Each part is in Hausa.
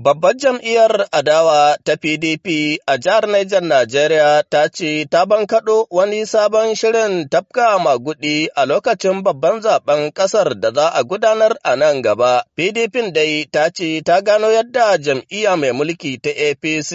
Babbar jam'iyyar adawa ta PDP a jihar Niger Najeriya ta ce ta bankaɗo wani sabon shirin tafka magudi a lokacin babban zaben ƙasar da za a gudanar a nan gaba. PDP dai ta ce ta gano yadda jam'iyya mai mulki ta APC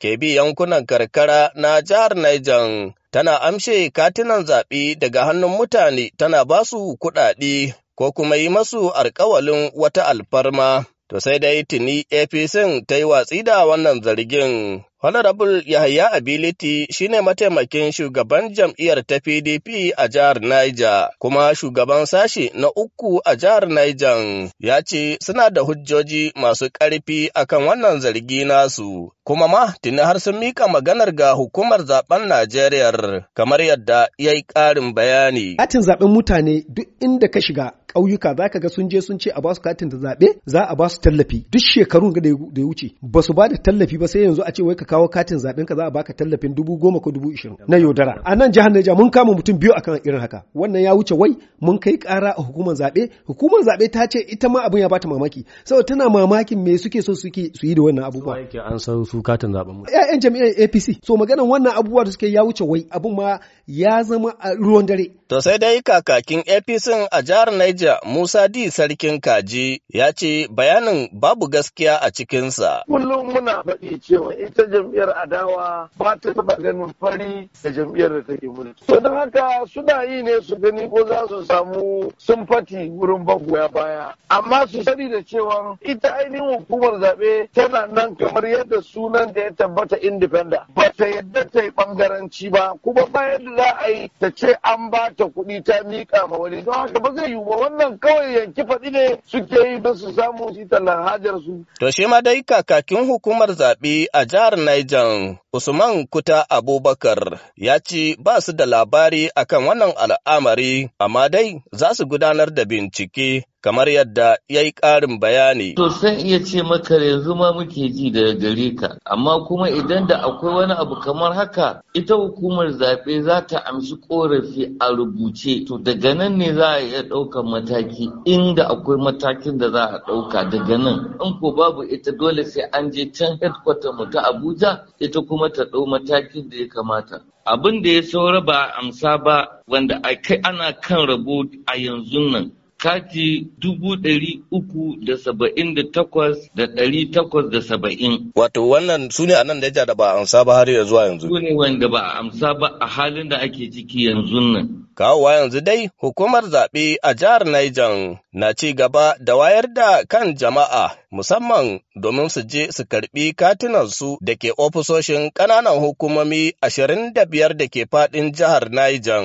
ke bi yankunan karkara na jihar Niger. Tana amshe katinan zaɓe daga hannun mutane tana basu kuɗaɗe ko kuma yi masu alkawalin wata alfarma. To sai dai tuni APC ta yi watsi da wannan zargin. Honorable Yahaya Ability shine mataimakin shugaban jam'iyyar ta PDP a jihar Niger, kuma shugaban sashi na uku a jihar Niger ya ce suna da hujjoji masu ƙarfi akan wannan zargi nasu, kuma ma tuni har sun mika maganar ga hukumar zaben Najeriya kamar yadda ya yi ƙarin bayani. Katin zaben mutane duk inda ka shiga ƙauyuka za ka ga sun je sun ce a basu katin da zaɓe za a basu tallafi duk shekarun da ya wuce ba su ba da tallafi ba sai yanzu a ce wai ka kawo katin zaɓen ka za a baka tallafin dubu goma ko dubu ishirin na yaudara a nan jihar Naija mun kama mutum biyu akan irin haka wannan ya wuce wai mun kai ƙara a hukumar zaɓe hukumar zaɓe ta ce ita ma abin ya bata mamaki saboda tana mamakin me suke so suke su yi da wannan abubuwa. su katin zaben mu ƴaƴan jami'an APC so maganan wannan abubuwa da suke ya wuce wai abin ma ya zama a ruwan dare to sai dai kakakin APC a jihar Niger Musa di sarkin kaji ya ce bayanin babu gaskiya a cikinsa kullum muna faɗi cewa ita jam'iyyar adawa ba ta taɓa ganin fari da jam'iyyar da take mulki So don haka suna yi ne su gani ko za su samu sun fati wurin bagoya baya amma su sani da cewa ita ainihin hukumar zaɓe tana nan kamar yadda su sunan da ya tabbata indifenda ba ta yadda ta yi bangaranci ba kuma bayan da za a yi ta ce an ba ta kuɗi ta miƙa ma wani don haka ba zai yiwu ba wannan kawai yanki faɗi ne suke yi don su samu shi tallan hajar su. To shi ma dai kakakin hukumar zaɓe a jihar Niger Usman Kuta Abubakar ya ce ba su da labari akan wannan al'amari amma dai za su gudanar da bincike kamar yadda ya yi ƙarin bayani. To sai iya ce maka yanzu ma muke ji daga gare ka, amma kuma idan da akwai wani abu kamar haka ita hukumar zaɓe za ta amshi ƙorafi a rubuce. To daga nan ne za a iya ɗaukar mataki inda akwai matakin da za a ɗauka daga nan. In ko babu ita dole sai an je can headquarter mu ta Abuja ita kuma ta ɗau matakin da ya kamata. Abin da ya saura ba amsa ba wanda ana kan rabo a yanzu nan sati dubu ɗari uku da saba'in da takwas da ɗari takwas da saba'in. Wato wannan su ne a nan da da ba a amsa ba har ya zuwa yanzu. Su ne wanda ba a amsa ba a halin da ake ciki yanzu nan. Kawowa yanzu dai hukumar zaɓe a jihar Niger na ci gaba da wayar da kan jama'a musamman domin su je su karɓi katunansu da ke ofisoshin ƙananan hukumomi ashirin da biyar da ke faɗin jihar Niger.